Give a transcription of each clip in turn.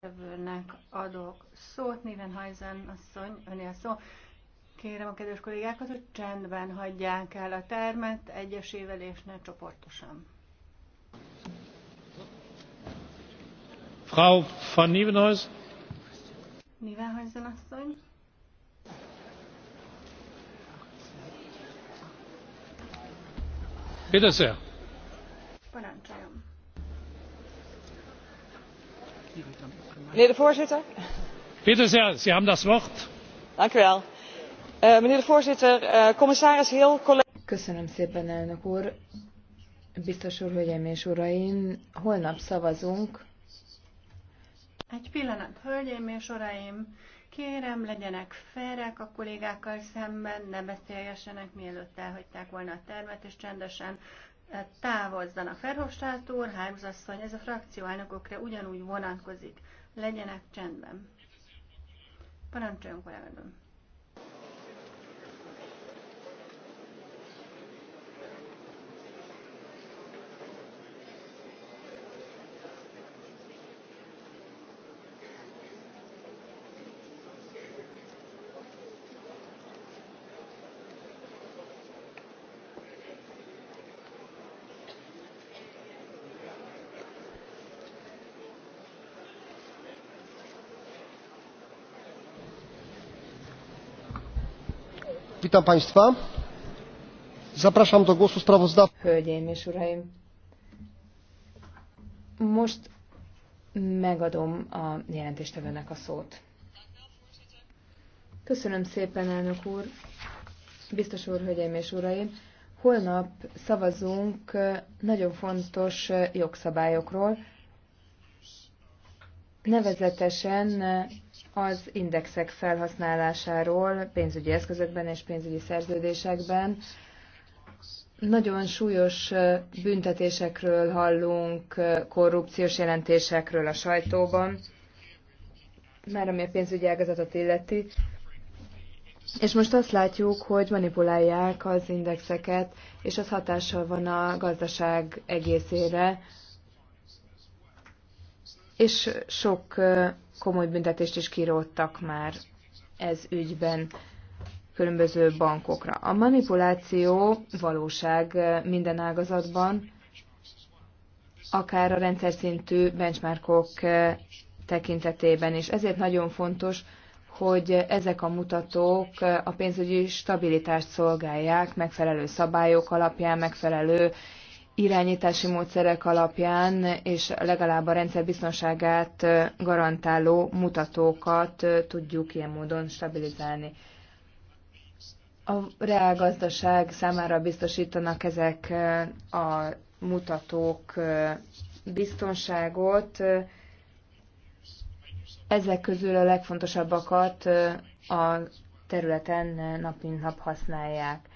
Tevőnek adok szót, néven Hajzen asszony, önél szó. Kérem a kedves kollégákat, hogy csendben hagyják el a termet, egyesével és ne csoportosan. Frau van Nivenhoz. Nivenhajzen asszony. Bitte sehr. Parancsoljon voorzitter eh, eh, commissaris hill collega's biztos úr hölgyeim és uraim holnap szavazunk egy pillanat hölgyeim és uraim kérem legyenek ferek a kollégákkal szemben ne beszélgessenek mielőtt elhagyták volna a termet és csendesen eh, távozzanak. Ferhofstadt úr, Hármzasszony, ez a frakcióelnökökre ugyanúgy vonatkozik legyenek csendben. Parancsoljon kolléganőm! Witam Państwa. Zapraszam do głosu sprawozdawcę. Hölgyeim és Uraim! Most megadom a jelentéstevőnek a szót. Köszönöm szépen, elnök úr, biztos úr, hölgyeim és uraim! Holnap szavazunk nagyon fontos jogszabályokról, nevezetesen az indexek felhasználásáról pénzügyi eszközökben és pénzügyi szerződésekben. Nagyon súlyos büntetésekről hallunk, korrupciós jelentésekről a sajtóban, már ami a pénzügyi ágazatot illeti. És most azt látjuk, hogy manipulálják az indexeket, és az hatással van a gazdaság egészére, és sok komoly büntetést is kiróttak már ez ügyben különböző bankokra. A manipuláció valóság eh, minden ágazatban, akár a rendszer szintű benchmarkok eh, tekintetében is. Ezért nagyon fontos, hogy ezek a mutatók eh, a pénzügyi stabilitást szolgálják megfelelő szabályok alapján, megfelelő irányítási módszerek alapján és legalább a rendszer biztonságát garantáló mutatókat tudjuk ilyen módon stabilizálni. A reálgazdaság számára biztosítanak ezek a mutatók biztonságot. Ezek közül a legfontosabbakat a területen nap mint nap használják.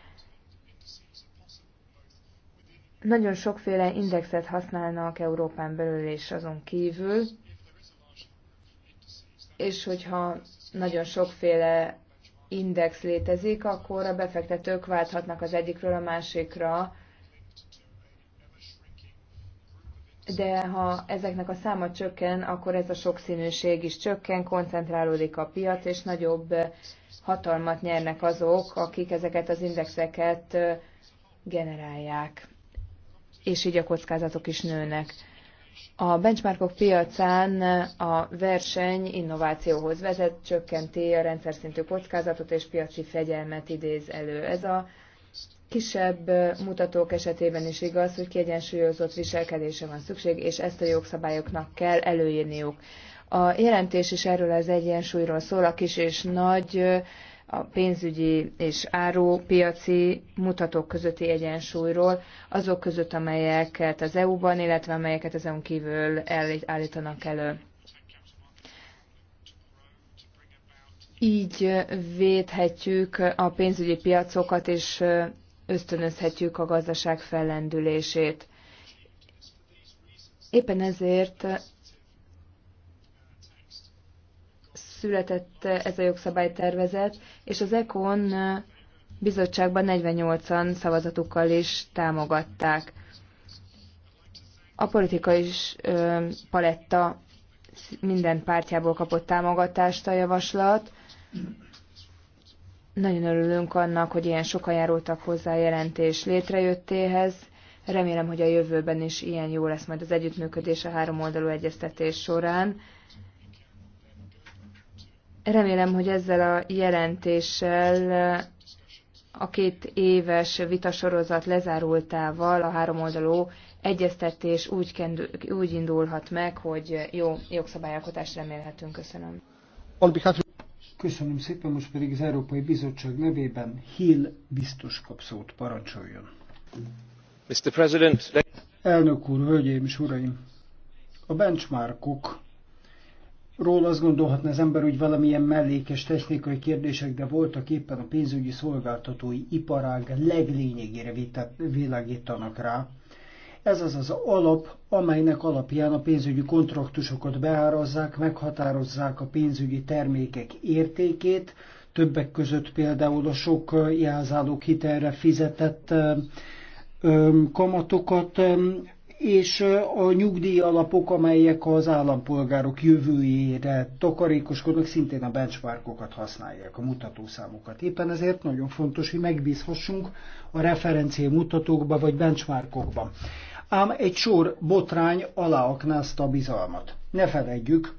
Nagyon sokféle indexet használnak Európán belül és azon kívül, és hogyha nagyon sokféle index létezik, akkor a befektetők válthatnak az egyikről a másikra, de ha ezeknek a száma csökken, akkor ez a sokszínűség is csökken, koncentrálódik a piac, és nagyobb hatalmat nyernek azok, akik ezeket az indexeket generálják és így a kockázatok is nőnek. A benchmarkok piacán a verseny innovációhoz vezet, csökkenti a rendszer szintű kockázatot és piaci fegyelmet idéz elő. Ez a kisebb mutatók esetében is igaz, hogy kiegyensúlyozott viselkedése van szükség, és ezt a jogszabályoknak kell előírniuk. A jelentés is erről az egyensúlyról szól, a kis és nagy a pénzügyi és árópiaci mutatók közötti egyensúlyról, azok között, amelyeket az EU-ban, illetve amelyeket az EU-n kívül állítanak elő. Így védhetjük a pénzügyi piacokat, és ösztönözhetjük a gazdaság fellendülését. Éppen ezért született ez a jogszabálytervezet, és az ECON bizottságban 48-an szavazatukkal is támogatták. A politika is ö, paletta minden pártjából kapott támogatást a javaslat. Nagyon örülünk annak, hogy ilyen sokan járultak hozzá a jelentés létrejöttéhez. Remélem, hogy a jövőben is ilyen jó lesz majd az együttműködés a három oldalú egyeztetés során. Remélem, hogy ezzel a jelentéssel a két éves vitasorozat lezárultával a háromoldalú egyeztetés úgy, úgy indulhat meg, hogy jó jogszabályalkotást remélhetünk. Köszönöm. Köszönöm szépen, most pedig az Európai Bizottság nevében Hill biztos kap szót, parancsoljon. Mr. President, Elnök úr, hölgyeim és uraim! A benchmarkok ról azt gondolhatna az ember, hogy valamilyen mellékes technikai kérdések, de voltak éppen a pénzügyi szolgáltatói iparág leglényegére világítanak rá. Ez az az alap, amelynek alapján a pénzügyi kontraktusokat beárazzák, meghatározzák a pénzügyi termékek értékét, többek között például a sok jelzálók hitelre fizetett kamatokat, és a nyugdíjalapok, amelyek az állampolgárok jövőjére takarékoskodnak, szintén a benchmarkokat használják, a mutatószámokat. Éppen ezért nagyon fontos, hogy megbízhassunk a referencia mutatókba vagy benchmarkokba. Ám egy sor botrány aláaknázta a bizalmat. Ne feledjük,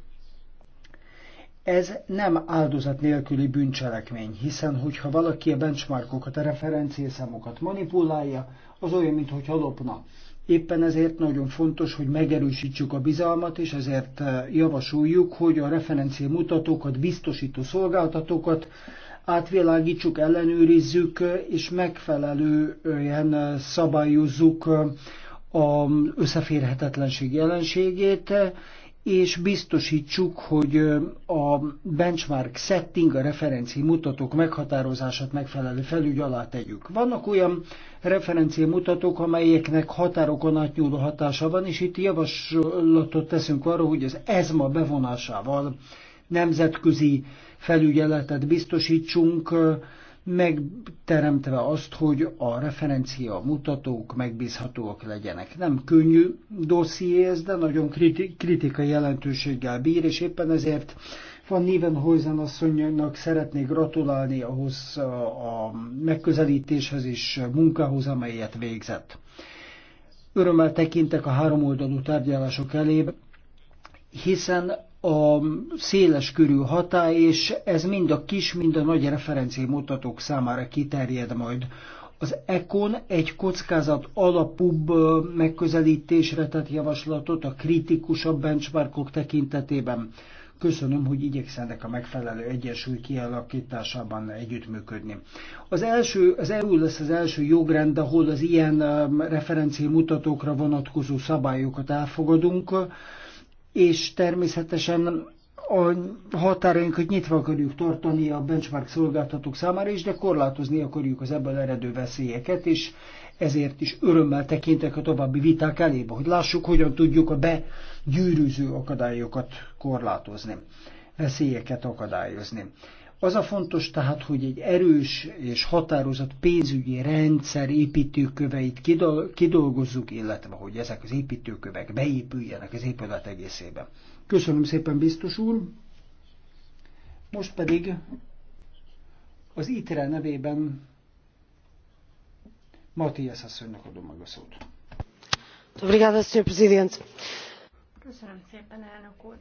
ez nem áldozat nélküli bűncselekmény, hiszen hogyha valaki a benchmarkokat, a referenciaszámokat manipulálja, az olyan, mintha lopna Éppen ezért nagyon fontos, hogy megerősítsük a bizalmat, és ezért eh, javasoljuk, hogy a referencia mutatókat, biztosító szolgáltatókat átvilágítsuk, ellenőrizzük, eh, és megfelelően eh, szabályozzuk az mm, összeférhetetlenség jelenségét, és biztosítsuk, hogy a benchmark setting, a referenci mutatók meghatározását megfelelő felügy alá tegyük. Vannak olyan referenci mutatók, amelyeknek határokon átnyúló hatása van, és itt javaslatot teszünk arra, hogy az ESMA bevonásával nemzetközi felügyeletet biztosítsunk, megteremtve azt, hogy a referencia mutatók megbízhatóak legyenek. Nem könnyű dosszié ez, de nagyon kriti- kritikai jelentőséggel bír, és éppen ezért van Nivenhoizen asszonynak szeretnék gratulálni ahhoz a megközelítéshez és munkához, amelyet végzett. Örömmel tekintek a oldalú tárgyalások elébe, hiszen a széles körű hatály, és ez mind a kis, mind a nagy mutatók számára kiterjed majd. Az ECON egy kockázat alapúbb megközelítésre tett javaslatot a kritikusabb benchmarkok tekintetében. Köszönöm, hogy igyekszenek a megfelelő egyensúly kialakításában együttműködni. Az, első, az EU lesz az első jogrend, ahol az ilyen referenciamutatókra vonatkozó szabályokat elfogadunk és természetesen a határainkat nyitva akarjuk tartani a benchmark szolgáltatók számára is, de korlátozni akarjuk az ebből eredő veszélyeket, és ezért is örömmel tekintek a további viták elébe, hogy lássuk, hogyan tudjuk a begyűrűző akadályokat korlátozni, veszélyeket akadályozni. Az a fontos tehát, hogy egy erős és határozott pénzügyi rendszer építőköveit kidolgozzuk, illetve hogy ezek az építőkövek beépüljenek az épület egészébe. Köszönöm szépen, biztos úr! Most pedig az ITRE nevében Matias asszonynak adom meg a szót. Köszönöm szépen, elnök úr!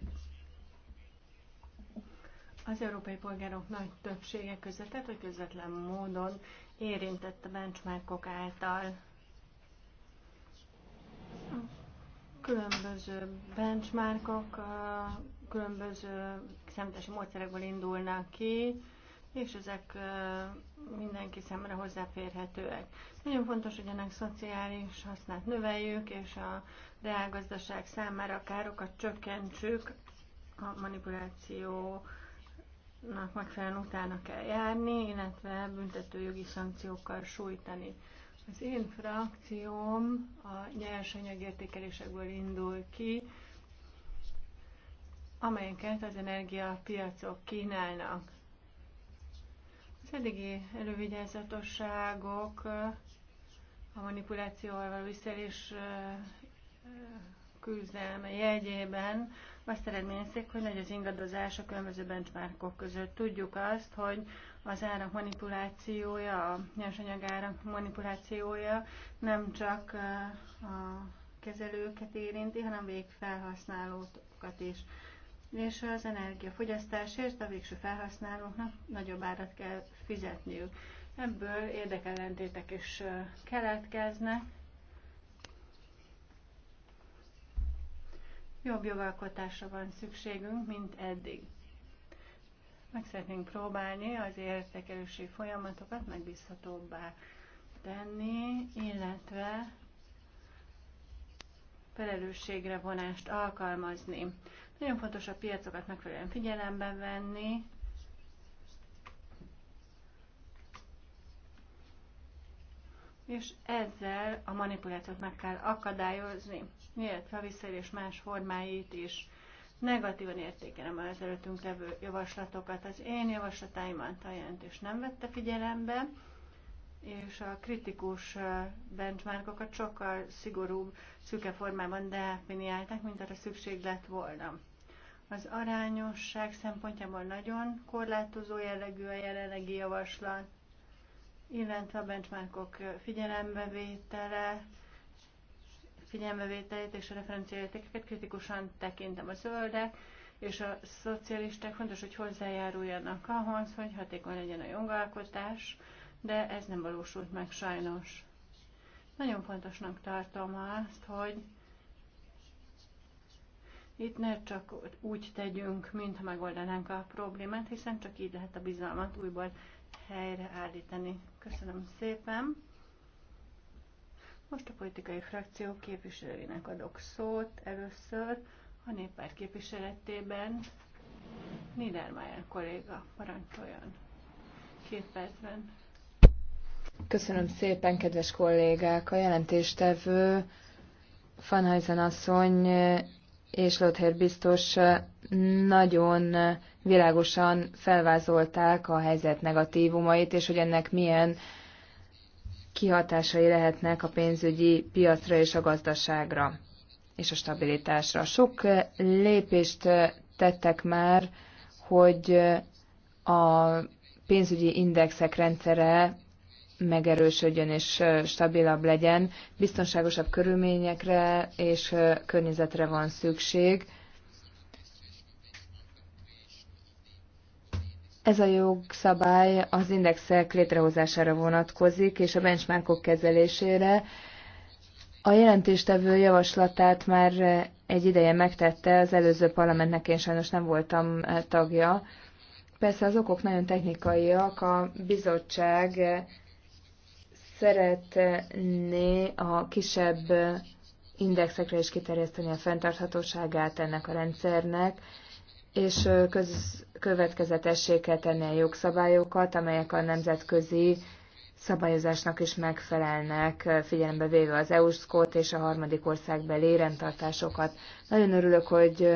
Az európai polgárok nagy többsége közvetett vagy közvetlen módon érintett a benchmarkok által. Különböző benchmarkok különböző számítási módszerekből indulnak ki, és ezek mindenki számára hozzáférhetőek. Nagyon fontos, hogy ennek szociális hasznát növeljük, és a reálgazdaság számára a károkat csökkentsük a manipuláció megfelelően utána kell járni, illetve büntetőjogi szankciókkal sújtani. Az én frakcióm a nyersanyagértékelésekből indul ki, amelyeket az energiapiacok kínálnak. Az eddigi elővigyázatosságok a manipulációval való visszaélés küzdelme jegyében azt eredményezték, hogy nagy az ingadozás a különböző benchmarkok között. Tudjuk azt, hogy az árak manipulációja, a nyersanyag árak manipulációja nem csak a kezelőket érinti, hanem végfelhasználókat is. És az energiafogyasztásért a végső felhasználóknak nagyobb árat kell fizetniük. Ebből érdekellentétek is keletkeznek, Jobb jogalkotásra van szükségünk, mint eddig. Meg szeretnénk próbálni az értékelési folyamatokat megbízhatóbbá tenni, illetve felelősségre vonást alkalmazni. Nagyon fontos a piacokat megfelelően figyelembe venni, és ezzel a manipulációt meg kell akadályozni, miért a visszaélés más formáit is. Negatívan értékelem az előttünk levő javaslatokat. Az én javaslatáimat a jelentés nem vette figyelembe, és a kritikus benchmarkokat sokkal szigorúbb, szüke formában definiálták, mint arra szükség lett volna. Az arányosság szempontjából nagyon korlátozó jellegű a jelenlegi javaslat, illetve a benchmarkok figyelembevétele, figyelembevételét és a referenciaértékeket kritikusan tekintem a zöldek, és a szocialisták fontos, hogy hozzájáruljanak ahhoz, hogy hatékony legyen a jogalkotás, de ez nem valósult meg sajnos. Nagyon fontosnak tartom azt, hogy itt ne csak úgy tegyünk, mintha megoldanánk a problémát, hiszen csak így lehet a bizalmat újból helyreállítani. Köszönöm szépen. Most a politikai frakció képviselőinek adok szót először a néppárt képviseletében. Niedermayer kolléga, parancsoljon. Két percben. Köszönöm szépen, kedves kollégák! A jelentéstevő Fanhajzen asszony és Lothair biztos nagyon világosan felvázolták a helyzet negatívumait, és hogy ennek milyen kihatásai lehetnek a pénzügyi piacra és a gazdaságra és a stabilitásra. Sok lépést tettek már, hogy a pénzügyi indexek rendszere megerősödjön és stabilabb legyen. Biztonságosabb körülményekre és környezetre van szükség Ez a jogszabály az indexek létrehozására vonatkozik, és a benchmarkok kezelésére. A jelentéstevő javaslatát már egy ideje megtette, az előző parlamentnek én sajnos nem voltam eh, tagja. Persze az okok nagyon technikaiak, a bizottság szeretné a kisebb indexekre is kiterjeszteni a fenntarthatóságát ennek a rendszernek, és eh, köz, következetessé kell tenni a jogszabályokat, amelyek a nemzetközi szabályozásnak is megfelelnek, figyelembe véve az EU-szkót és a harmadik országbeli rendtartásokat. Nagyon örülök, hogy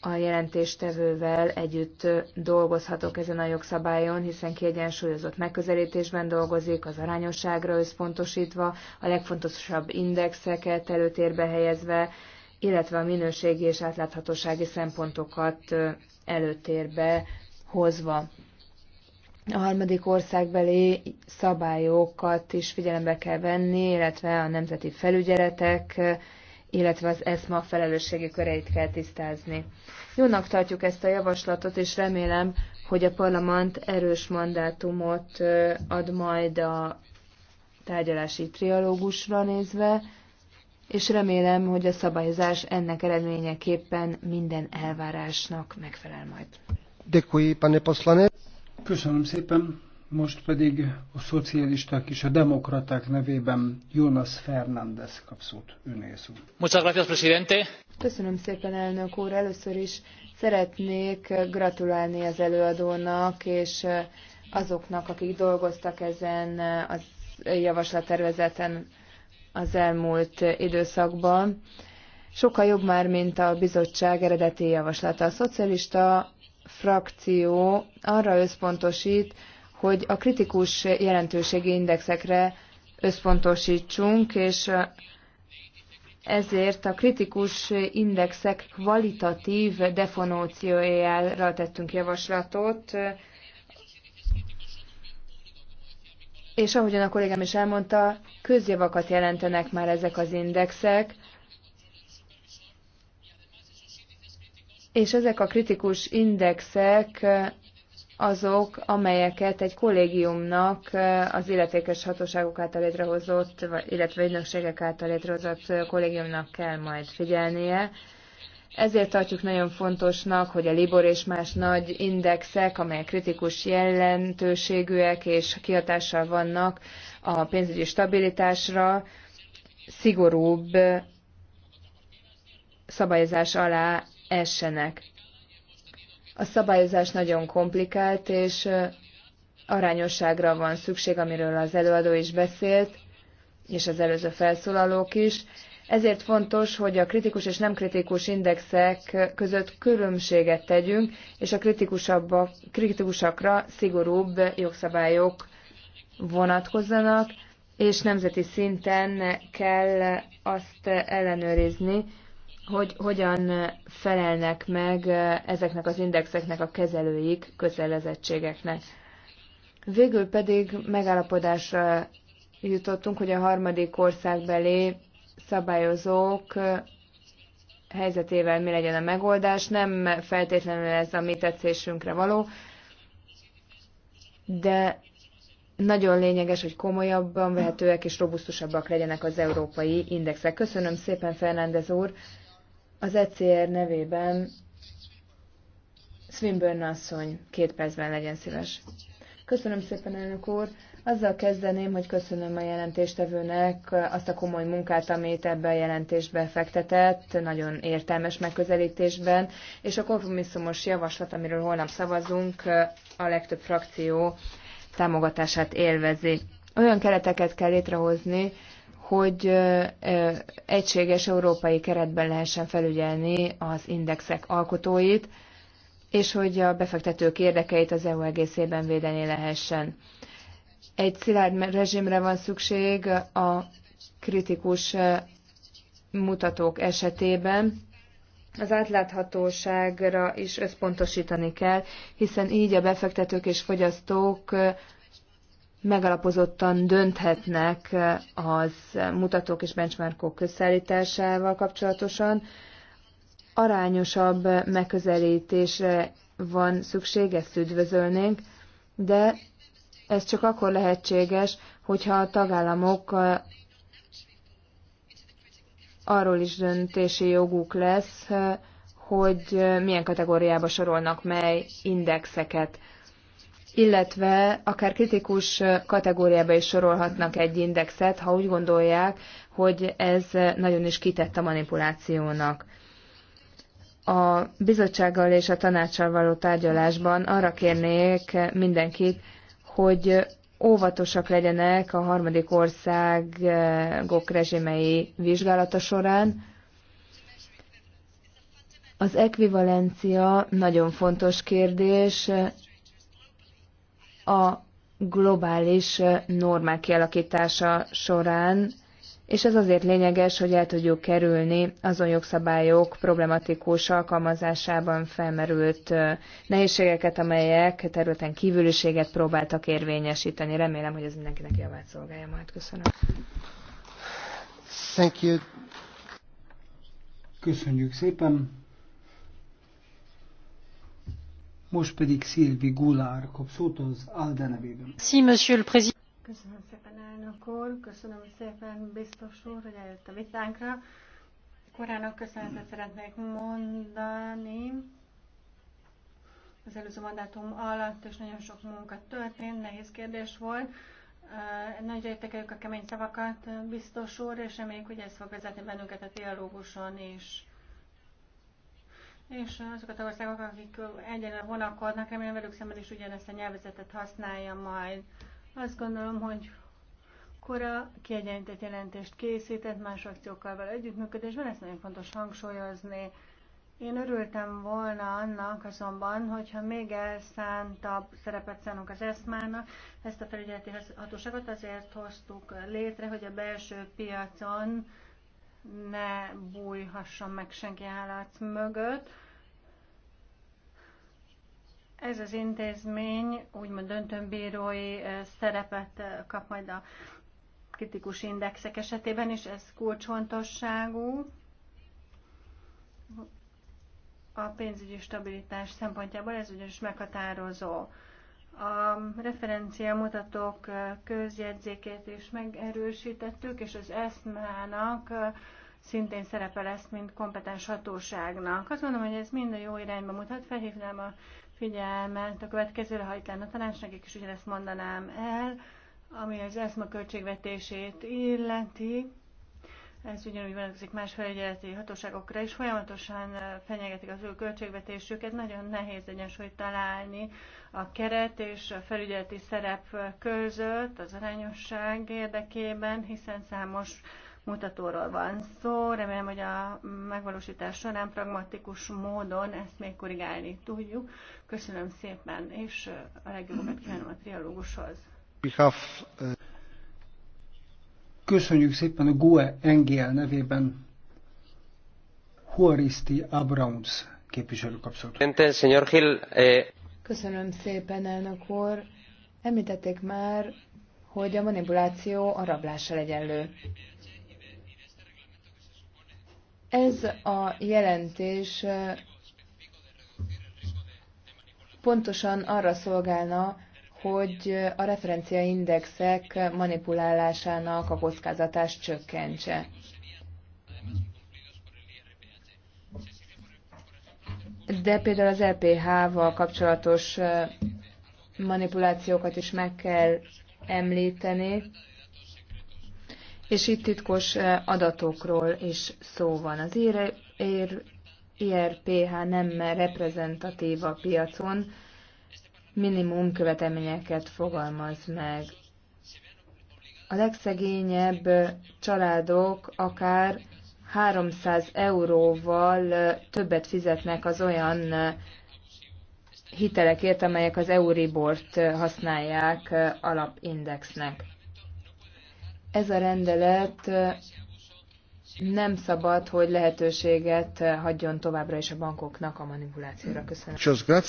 a jelentéstevővel együtt dolgozhatok ezen a jogszabályon, hiszen kiegyensúlyozott megközelítésben dolgozik, az arányosságra összpontosítva, a legfontosabb indexeket előtérbe helyezve, illetve a minőségi és átláthatósági szempontokat előtérbe hozva. A harmadik országbeli szabályokat is figyelembe kell venni, illetve a nemzeti felügyeletek, illetve az ESMA felelősségi köreit kell tisztázni. Jónak tartjuk ezt a javaslatot, és remélem, hogy a parlament erős mandátumot ad majd a tárgyalási trialógusra nézve, és remélem, hogy a szabályozás ennek eredményeképpen minden elvárásnak megfelel majd. Köszönöm szépen. Most pedig a szocialisták és a demokraták nevében Jonas Fernández kap szót önészú. Köszönöm szépen, elnök úr. Először is szeretnék gratulálni az előadónak és azoknak, akik dolgoztak ezen a javaslattervezeten az elmúlt időszakban. Sokkal jobb már, mint a bizottság eredeti javaslata. A szocialista frakció arra összpontosít, hogy a kritikus jelentőségi indexekre összpontosítsunk, és ezért a kritikus indexek kvalitatív defonóciójára tettünk javaslatot És ahogyan a kollégám is elmondta, közjavakat jelentenek már ezek az indexek, és ezek a kritikus indexek azok, amelyeket egy kollégiumnak az illetékes hatóságok által létrehozott, illetve ügynökségek által létrehozott kollégiumnak kell majd figyelnie. Ezért tartjuk nagyon fontosnak, hogy a Libor és más nagy indexek, amelyek kritikus jelentőségűek és kihatással vannak a pénzügyi stabilitásra, szigorúbb szabályozás alá essenek. A szabályozás nagyon komplikált, és arányosságra van szükség, amiről az előadó is beszélt, és az előző felszólalók is. Ezért fontos, hogy a kritikus és nem kritikus indexek között különbséget tegyünk, és a kritikusakra szigorúbb jogszabályok vonatkozzanak, és nemzeti szinten kell azt ellenőrizni, hogy hogyan felelnek meg ezeknek az indexeknek a kezelőik kötelezettségeknek. Végül pedig megállapodásra jutottunk, hogy a harmadik országbeli szabályozók helyzetével mi legyen a megoldás. Nem feltétlenül ez a mi tetszésünkre való, de nagyon lényeges, hogy komolyabban vehetőek és robusztusabbak legyenek az európai indexek. Köszönöm szépen, Fernández úr! Az ECR nevében Swinburne asszony két percben legyen szíves. Köszönöm szépen, elnök úr! Azzal kezdeném, hogy köszönöm a jelentéstevőnek azt a komoly munkát, amit ebbe a jelentésbe fektetett, nagyon értelmes megközelítésben, és a kompromisszumos javaslat, amiről holnap szavazunk, a legtöbb frakció támogatását élvezi. Olyan kereteket kell létrehozni, hogy egységes európai keretben lehessen felügyelni az indexek alkotóit, és hogy a befektetők érdekeit az EU egészében védeni lehessen. Egy szilárd rezsimre van szükség a kritikus mutatók esetében. Az átláthatóságra is összpontosítani kell, hiszen így a befektetők és fogyasztók megalapozottan dönthetnek az mutatók és benchmarkok összeállításával kapcsolatosan. Arányosabb megközelítésre van szükség, ezt üdvözölnénk, de ez csak akkor lehetséges, hogyha a tagállamok arról is döntési joguk lesz, hogy milyen kategóriába sorolnak mely indexeket. Illetve akár kritikus kategóriába is sorolhatnak egy indexet, ha úgy gondolják, hogy ez nagyon is kitett a manipulációnak. A bizottsággal és a tanácssal való tárgyalásban arra kérnék mindenkit, hogy óvatosak legyenek a harmadik országok rezsimei vizsgálata során. Az ekvivalencia nagyon fontos kérdés. A globális normák kialakítása során és ez azért lényeges, hogy el tudjuk kerülni azon jogszabályok problematikus alkalmazásában felmerült nehézségeket, amelyek területen kívüliséget próbáltak érvényesíteni. Remélem, hogy ez mindenkinek javát szolgálja majd. Köszönöm. Thank you. Köszönjük szépen. Most pedig Szilvi Gulár kap szót az Alde nevében. Si, monsieur le président. Köszönöm szépen, elnök úr, köszönöm szépen, biztos úr, hogy eljött a vitánkra. Korának köszönetet szeretnék mondani. Az előző mandátum alatt is nagyon sok munka történt, nehéz kérdés volt. Nagyon értékeljük a kemény szavakat, biztos úr, és reméljük, hogy ez fog vezetni bennünket a dialógusan is. És azokat a országok, akik egyenlően vonakodnak, remélem velük szemben is ugyanezt a nyelvezetet használja majd. Azt gondolom, hogy Kora kiegyenlített jelentést készített más akciókkal való együttműködésben, ezt nagyon fontos hangsúlyozni. Én örültem volna annak azonban, hogyha még elszántabb szerepet szánunk az eszmának, ezt a felügyeleti hatóságot azért hoztuk létre, hogy a belső piacon ne bújhasson meg senki állat mögött, ez az intézmény úgymond döntőbírói szerepet kap majd a kritikus indexek esetében, és ez kulcsfontosságú a pénzügyi stabilitás szempontjából, ez ugyanis meghatározó. A referencia mutatók közjegyzékét is megerősítettük, és az eszmának szintén szerepel ezt, mint kompetens hatóságnak. Azt mondom, hogy ez mind a jó irányba mutat. Felhívnám a figyelmet a következőre, ha itt lenne tanács, nekik is ugyanezt mondanám el, ami az eszma költségvetését illeti. Ez ugyanúgy vonatkozik más felügyeleti hatóságokra is. Folyamatosan eh, fenyegetik az ő költségvetésüket. Nagyon nehéz egyensúlyt találni a keret és a felügyeleti szerep között az arányosság érdekében, hiszen számos mutatóról van szó. Remélem, hogy a megvalósítás során pragmatikus módon ezt még korrigálni tudjuk. Köszönöm szépen, és a legjobbat kívánom a trialógushoz. Köszönjük szépen a Goe NGL nevében Huaristi Abrams képviselő kapcsolatot. Eh, Köszönöm szépen, elnök úr. Említették már, hogy a manipuláció a rablással egyenlő. Ez a jelentés pontosan arra szolgálna, hogy a referenciaindexek manipulálásának a kockázatát csökkentse. De például az LPH-val kapcsolatos manipulációkat is meg kell említeni, és itt titkos eh, adatokról is szó van. Az IRPH er nem reprezentatív a piacon, minimum követelményeket fogalmaz meg. A legszegényebb eh, családok akár 300 euróval eh, többet fizetnek az olyan hitelekért, amelyek az Euribort használják alapindexnek. Ez a rendelet nem szabad, hogy lehetőséget hagyjon továbbra is a bankoknak a manipulációra. Köszönöm.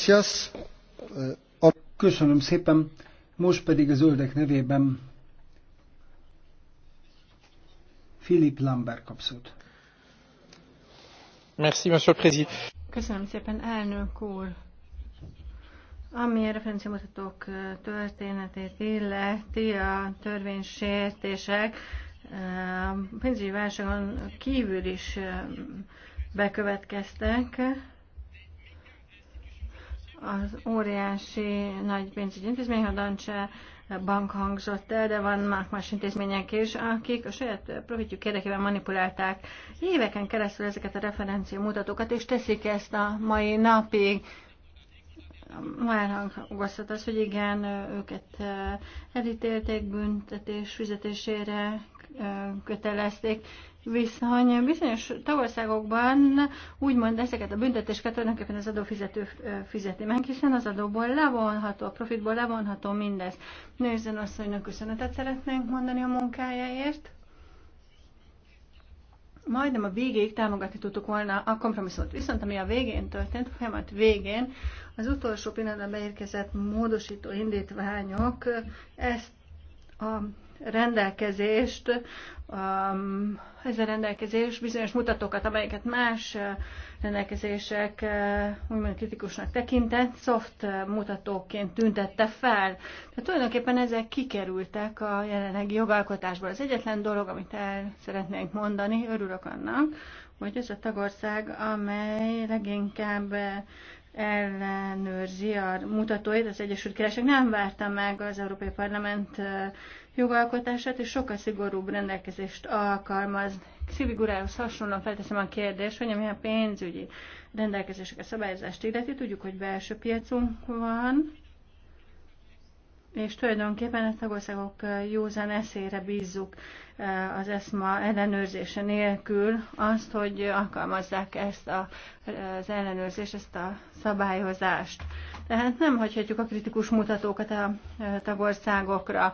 Köszönöm szépen. Most pedig a zöldek nevében Philip Lambert kapszót. Merci, Monsieur Président. Köszönöm szépen, elnök úr. Ami a referenciamutatók történetét illeti, a törvénysértések a pénzügyi válságon kívül is bekövetkeztek. Az óriási nagy pénzügyi intézmény, a Dancse bank hangzott el, de van más intézmények is, akik a saját profitjuk érdekében manipulálták éveken keresztül ezeket a referencia mutatókat, és teszik ezt a mai napig már elhangoztat az, hogy igen, őket elítélték büntetés fizetésére, kötelezték, viszony bizonyos tagországokban úgymond ezeket a büntetéseket tulajdonképpen az adófizető fizeti meg, hiszen az adóból levonható, a profitból levonható mindez. azt asszonynak köszönetet szeretnénk mondani a munkájáért majdnem a végéig támogatni tudtuk volna a kompromisszumot. Viszont ami a végén történt, a folyamat végén, az utolsó pillanatban beérkezett módosító indítványok ezt a rendelkezést, um, ez a rendelkezés bizonyos mutatókat, amelyeket más uh, rendelkezések uh, úgymond kritikusnak tekintett, szoft uh, mutatóként tüntette fel. Tehát tulajdonképpen ezek kikerültek a jelenlegi jogalkotásból. Az egyetlen dolog, amit el szeretnénk mondani, örülök annak, hogy ez a tagország, amely leginkább ellenőrzi a mutatóit az Egyesült Királyság. Nem várta meg az Európai Parlament jogalkotását, és sokkal szigorúbb rendelkezést alkalmaz. Szivigurához hasonlóan felteszem a kérdést, hogy ami a pénzügyi rendelkezések a szabályozást illeti, tudjuk, hogy belső piacunk van, és tulajdonképpen a tagországok józan eszére bízzuk az ESMA ellenőrzése nélkül azt, hogy alkalmazzák ezt a, az ellenőrzést, ezt a szabályozást. Tehát nem hagyhatjuk a kritikus mutatókat a tagországokra.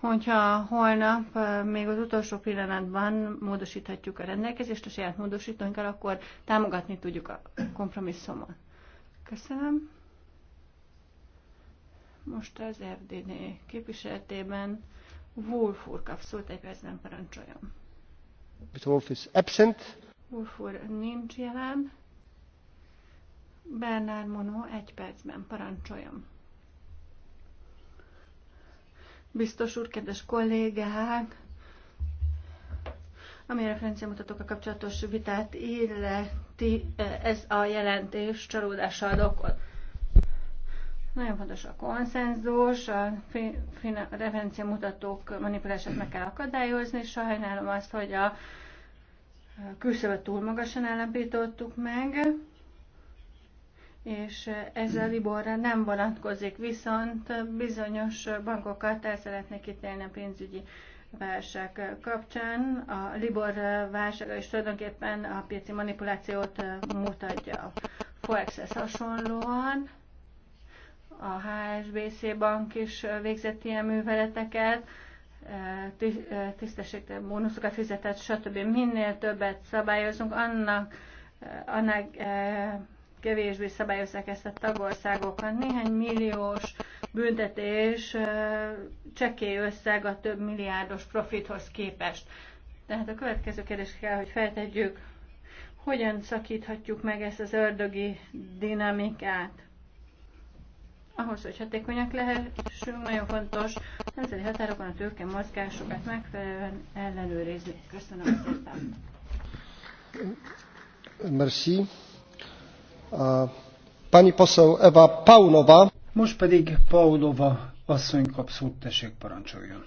Hogyha holnap még az utolsó pillanatban módosíthatjuk a rendelkezést a saját módosítónkkal akkor támogatni tudjuk a kompromisszumot. Köszönöm. Most az FDD képviseletében Wolf úr kap szót, egy percben parancsoljon. Wolf is absent. Wolf úr nincs jelen. Bernard Monó egy percben parancsoljon. Biztos úr, kedves kollégák, amire a kapcsolatos vitát illeti, eh, ez a jelentés csalódással okol. Nagyon fontos a konszenzus, a referencia mutatók manipulását meg kell akadályozni, és sajnálom azt, hogy a külsővet túl magasan állapítottuk meg, és ez a Liborra nem vonatkozik, viszont bizonyos bankokat el szeretnék ítélni a pénzügyi válság kapcsán. A Libor válsága is tulajdonképpen a piaci manipulációt mutatja. forex Forex-hez hasonlóan a HSBC bank is végzett ilyen műveleteket, e, e, tisztességtelen bónuszokat fizetett, stb. Minél többet szabályozunk, annak, e, annak kevésbé szabályozzák ezt a tagországokat. Néhány milliós büntetés csekély összeg a több milliárdos profithoz képest. Tehát a következő kérdés kell, hogy feltegyük, hogyan szakíthatjuk meg ezt az ördögi dinamikát ahhoz, hogy hatékonyak lehessünk, nagyon fontos nemzeti határokon a tőke mozgásokat megfelelően ellenőrizni. Köszönöm szépen. Merci. pani poseł Ewa Paulowa. Most pedig Paulova asszony kap szót, tessék parancsoljon.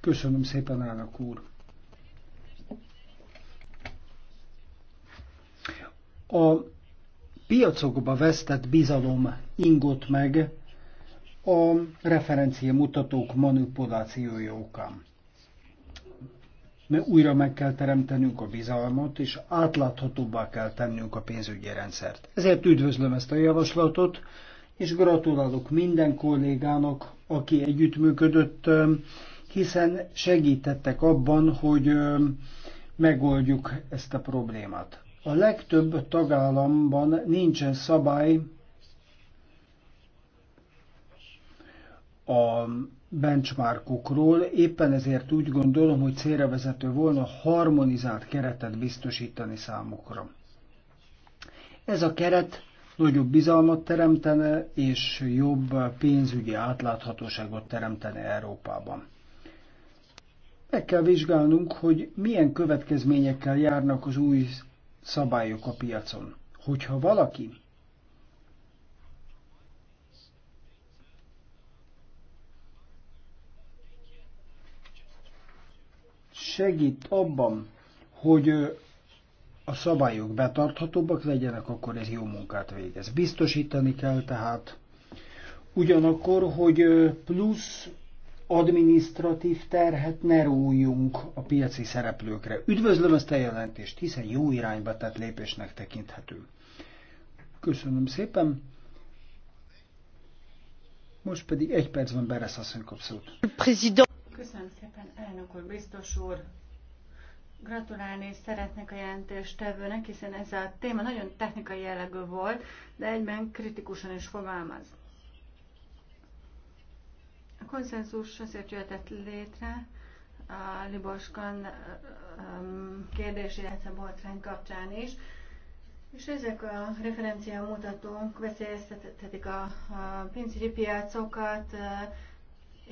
Köszönöm szépen, elnök úr. A piacokba vesztett bizalom ingott meg a referencia mutatók manipulációja okán. Mert újra meg kell teremtenünk a bizalmat, és átláthatóbbá kell tennünk a pénzügyi rendszert. Ezért üdvözlöm ezt a javaslatot, és gratulálok minden kollégának, aki együttműködött, hiszen segítettek abban, hogy megoldjuk ezt a problémát. A legtöbb tagállamban nincsen szabály a benchmarkokról, éppen ezért úgy gondolom, hogy célra vezető volna harmonizált keretet biztosítani számukra. Ez a keret nagyobb bizalmat teremtene, és jobb pénzügyi átláthatóságot teremtene Európában. Meg kell vizsgálnunk, hogy milyen következményekkel járnak az új szabályok a piacon. Hogyha valaki segít abban, hogy a szabályok betarthatóbbak legyenek, akkor ez jó munkát végez. Biztosítani kell tehát ugyanakkor, hogy plusz adminisztratív terhet ne rójunk a piaci szereplőkre. Üdvözlöm ezt a jelentést, hiszen jó irányba tett lépésnek tekinthető. Köszönöm szépen. Most pedig egy percben Beresz asszony kap szót. Köszönöm szépen, elnök úr, biztos úr. Gratulálni szeretnék a jelentéstevőnek, hiszen ez a téma nagyon technikai jellegű volt, de egyben kritikusan is fogalmaz. A konszenzus azért jöhetett létre a Liboskan kérdés, illetve botrány kapcsán is, és ezek a referenciamutatók veszélyeztethetik a pénzügyi piacokat,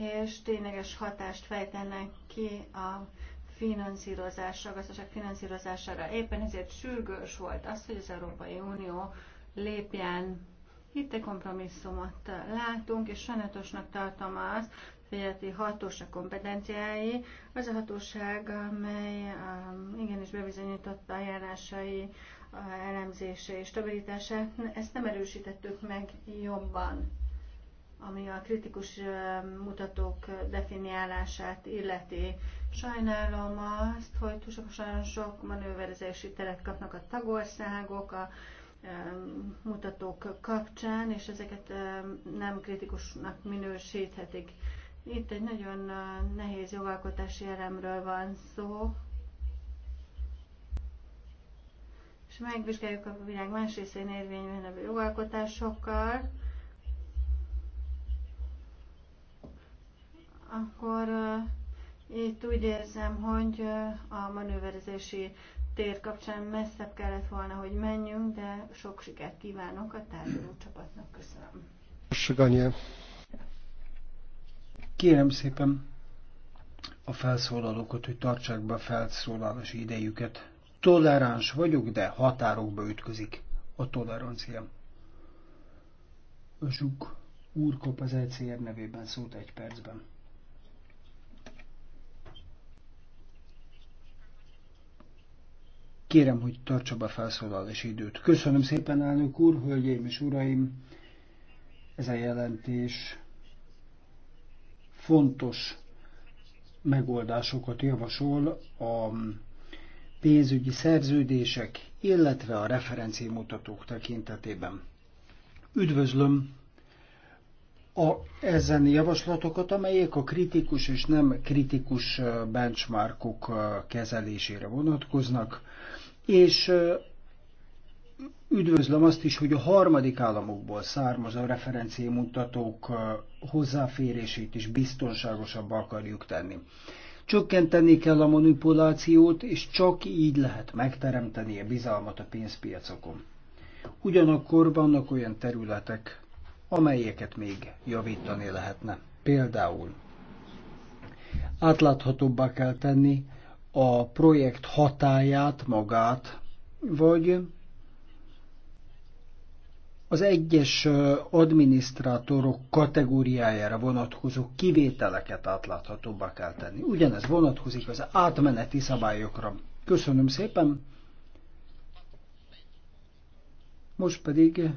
és tényleges hatást fejtenek ki a finanszírozásra, a gazdaság finanszírozására. Éppen ezért sürgős volt az, hogy az Európai Unió lépjen itt egy kompromisszumot látunk, és sajnálatosnak tartom azt, a hatóság kompetenciái, az a hatóság, amely um, igenis bebizonyította ajánlásai elemzése és stabilitását, ezt nem erősítettük meg jobban ami a kritikus mutatók definiálását illeti. Sajnálom azt, hogy túlságosan sok manőverezési teret kapnak a tagországok a mutatók kapcsán, és ezeket nem kritikusnak minősíthetik. Itt egy nagyon nehéz jogalkotási elemről van szó, és megvizsgáljuk a világ más részén érvényben a jogalkotásokkal, akkor itt úgy érzem, hogy a manőverezési tér kapcsán messzebb kellett volna, hogy menjünk, de sok sikert kívánok a tárgyaló csapatnak. Köszönöm. Saganyel. Kérem szépen a felszólalókat, hogy tartsák be a felszólalási idejüket. Toleráns vagyok, de határokba ütközik a tolerancia. A zsuk úr kap az ECR nevében szót egy percben. Kérem, hogy tartsa be felszólalási időt. Köszönöm szépen, elnök úr, hölgyeim és uraim! Ez a jelentés fontos megoldásokat javasol a pénzügyi szerződések, illetve a referenciamutatók tekintetében. Üdvözlöm a, ezen javaslatokat, amelyek a kritikus és nem kritikus benchmarkok kezelésére vonatkoznak, és üdvözlöm azt is, hogy a harmadik államokból származó referenciémutatók hozzáférését is biztonságosabb akarjuk tenni. Csökkenteni kell a manipulációt, és csak így lehet megteremteni a bizalmat a pénzpiacokon. Ugyanakkor vannak olyan területek, amelyeket még javítani lehetne. Például átláthatóbbá kell tenni a projekt hatáját, magát, vagy az egyes adminisztrátorok kategóriájára vonatkozó kivételeket átláthatóbbá kell tenni. Ugyanez vonatkozik az átmeneti szabályokra. Köszönöm szépen! Most pedig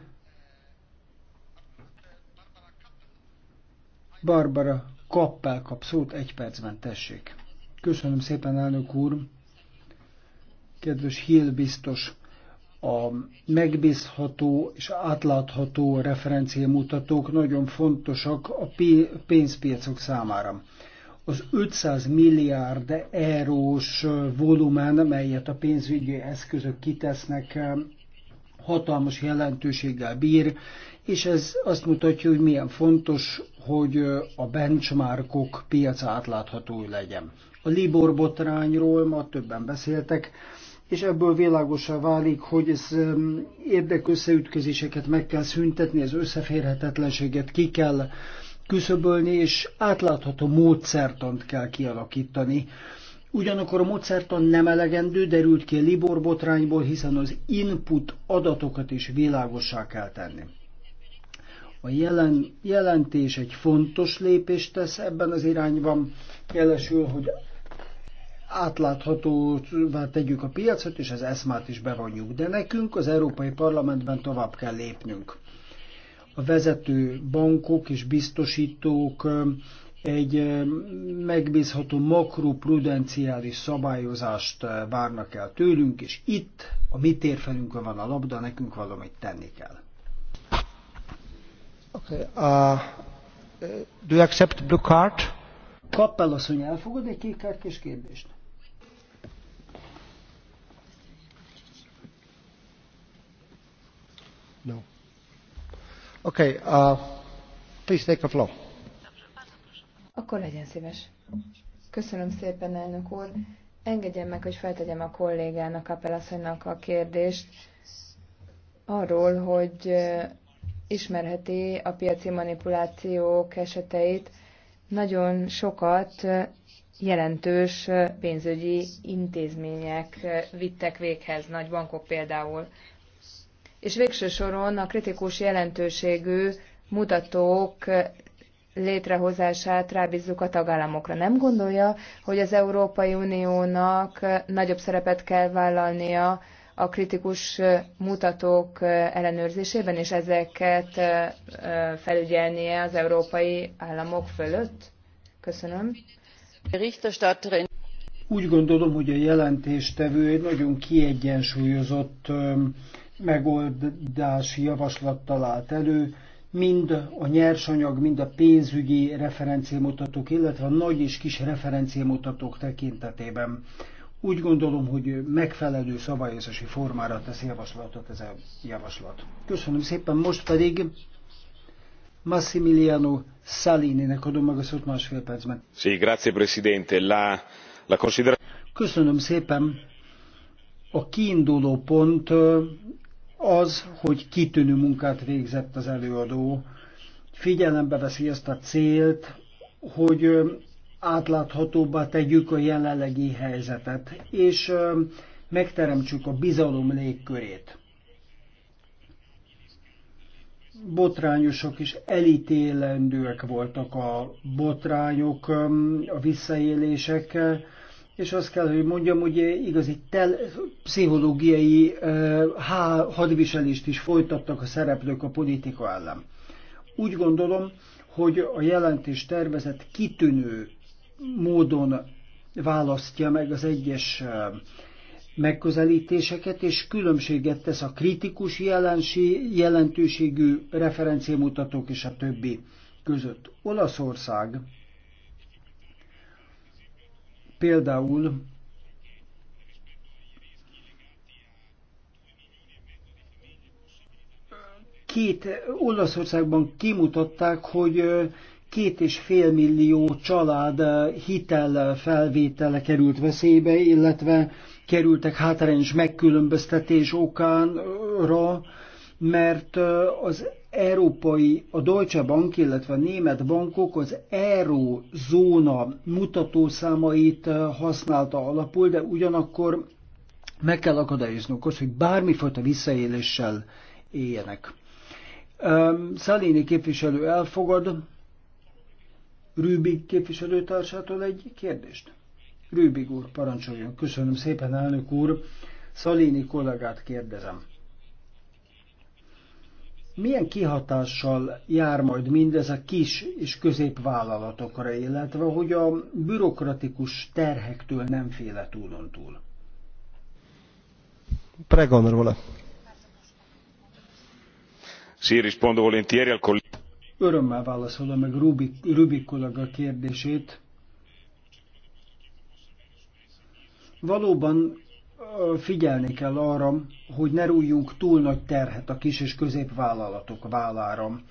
Barbara Kappel kap szót, egy percben tessék. Köszönöm szépen, elnök úr. Kedves Hill biztos, a megbízható és átlátható referenciamutatók nagyon fontosak a pénzpiacok számára. Az 500 milliárd eurós volumen, melyet a pénzügyi eszközök kitesznek, hatalmas jelentőséggel bír, és ez azt mutatja, hogy milyen fontos, hogy a benchmarkok piac átlátható legyen. A Libor botrányról ma többen beszéltek, és ebből világosá válik, hogy ez érdekösszeütközéseket meg kell szüntetni, az összeférhetetlenséget ki kell küszöbölni, és átlátható módszertant kell kialakítani. Ugyanakkor a módszertan nem elegendő, derült ki a Libor botrányból, hiszen az input adatokat is világossá kell tenni. A jelen, jelentés egy fontos lépést tesz ebben az irányban, jelesül, hogy átláthatóvá tegyük a piacot, és az eszmát is bevonjuk. De nekünk az Európai Parlamentben tovább kell lépnünk. A vezető bankok és biztosítók egy megbízható makroprudenciális szabályozást várnak el tőlünk, és itt a mi térfelünkön van a labda, nekünk valamit tenni kell. Okay. Uh, uh, do you accept blue card? Kappel asszony elfogad egy kékkártyás kérdést? No. Okay, uh, please take a floor. Akkor legyen szíves. Köszönöm szépen, elnök úr. Engedjen meg, hogy feltegyem a kollégának, a Pelasszonynak a kérdést arról, hogy ismerheti a piaci manipulációk eseteit. Nagyon sokat jelentős pénzügyi intézmények vittek véghez, nagy bankok például. És végső soron a kritikus jelentőségű mutatók létrehozását rábízzuk a tagállamokra. Nem gondolja, hogy az Európai Uniónak nagyobb szerepet kell vállalnia a kritikus mutatók ellenőrzésében, és ezeket felügyelnie az európai államok fölött? Köszönöm. Úgy gondolom, hogy a jelentéstevő egy nagyon kiegyensúlyozott megoldási javaslat talált elő, mind a nyersanyag, mind a pénzügyi referenciamutatók, illetve a nagy és kis referenciamutatók tekintetében úgy gondolom, hogy megfelelő szabályozási formára tesz javaslatot ez a javaslat. Köszönöm szépen, most pedig Massimiliano Salini-nek adom meg a szót másfél percben. Sí, grazie, presidente. La, la considera... Köszönöm szépen. A kiinduló pont az, hogy kitűnő munkát végzett az előadó. Figyelembe veszi ezt a célt, hogy átláthatóbbá tegyük a jelenlegi helyzetet, és megteremtsük a bizalom légkörét. Botrányosok és elítélendőek voltak a botrányok, a visszaélések, és azt kell, hogy mondjam, hogy igazi tel pszichológiai hadviselést is folytattak a szereplők a politika ellen. Úgy gondolom, hogy a jelentés tervezet kitűnő módon választja meg az egyes megközelítéseket, és különbséget tesz a kritikus jelensi, jelentőségű referenciamutatók és a többi között. Olaszország például két Olaszországban kimutatták, hogy két és fél millió család eh, hitel felvétele került veszélybe, illetve kerültek hátrányos megkülönböztetés okánra, mert eh, az európai, a Deutsche Bank, illetve a német bankok az eurozóna mutatószámait eh, használta alapul, de ugyanakkor meg kell akadályoznunk azt, hogy bármifajta visszaéléssel éljenek. Ehm, Szaléni képviselő elfogad, Rübig képviselőtársától egy kérdést. Rübig úr, parancsoljon. Köszönöm szépen, elnök úr. Szalini kollégát kérdezem. Milyen kihatással jár majd mindez a kis és középvállalatokra, illetve hogy a bürokratikus terhektől nem féle túlon túl? Pregon róla. Sí, rispondo volentieri al Örömmel válaszolom meg Rubik, Rubik kollega kérdését. Valóban figyelni kell arra, hogy ne rújjunk túl nagy terhet a kis és középvállalatok vállára.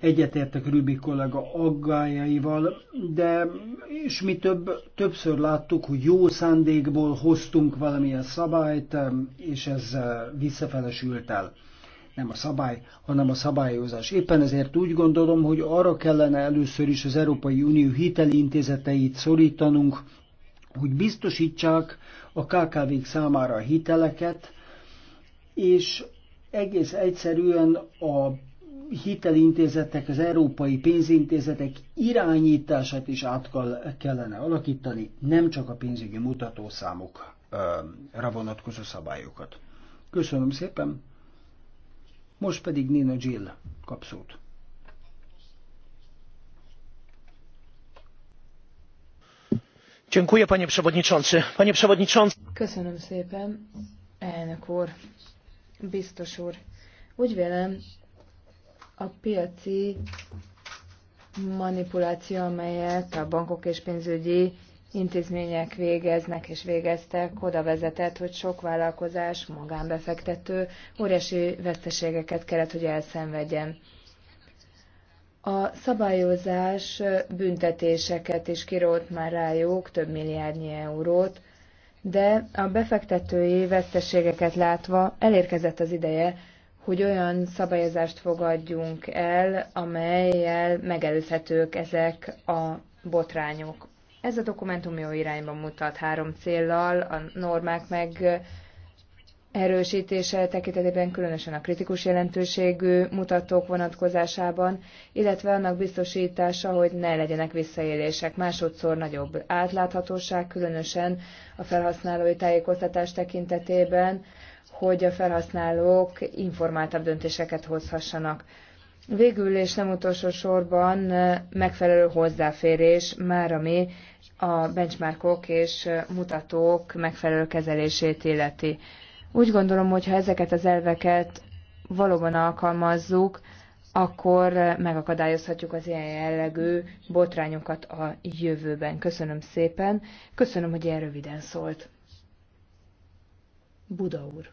Egyetértek Rübi kollega aggájaival, de és mi több, többször láttuk, hogy jó szándékból hoztunk valamilyen szabályt, és ez visszafelesült el nem a szabály, hanem a szabályozás. Éppen ezért úgy gondolom, hogy arra kellene először is az Európai Unió hitelintézeteit szorítanunk, hogy biztosítsák a KKV-k számára a hiteleket, és egész egyszerűen a hitelintézetek, az európai pénzintézetek irányítását is át kellene alakítani, nem csak a pénzügyi mutatószámokra vonatkozó szabályokat. Köszönöm szépen! Most pedig Nina Jill kap szót. panie przewodniczący! panie przewodniczący! köszönöm szépen elnök úr biztos úr úgy vélem a piaci manipuláció amelyet a bankok és pénzügyi intézmények végeznek és végeztek, oda vezetett, hogy sok vállalkozás, magánbefektető óriási veszteségeket kellett, hogy elszenvedjen. A szabályozás büntetéseket is kirót már rájuk, több milliárdnyi eurót, de a befektetői veszteségeket látva elérkezett az ideje, hogy olyan szabályozást fogadjunk el, amelyel megelőzhetők ezek a botrányok. Ez a dokumentum jó irányban mutat három céllal, a normák meg erősítése tekintetében, különösen a kritikus jelentőségű mutatók vonatkozásában, illetve annak biztosítása, hogy ne legyenek visszaélések. Másodszor nagyobb átláthatóság, különösen a felhasználói tájékoztatás tekintetében, hogy a felhasználók informáltabb döntéseket hozhassanak. Végül és nem utolsó sorban megfelelő hozzáférés, már ami a benchmarkok és mutatók megfelelő kezelését illeti. Úgy gondolom, hogy ha ezeket az elveket valóban alkalmazzuk, akkor megakadályozhatjuk az ilyen jellegű botrányokat a jövőben. Köszönöm szépen. Köszönöm, hogy ilyen röviden szólt. Buda úr.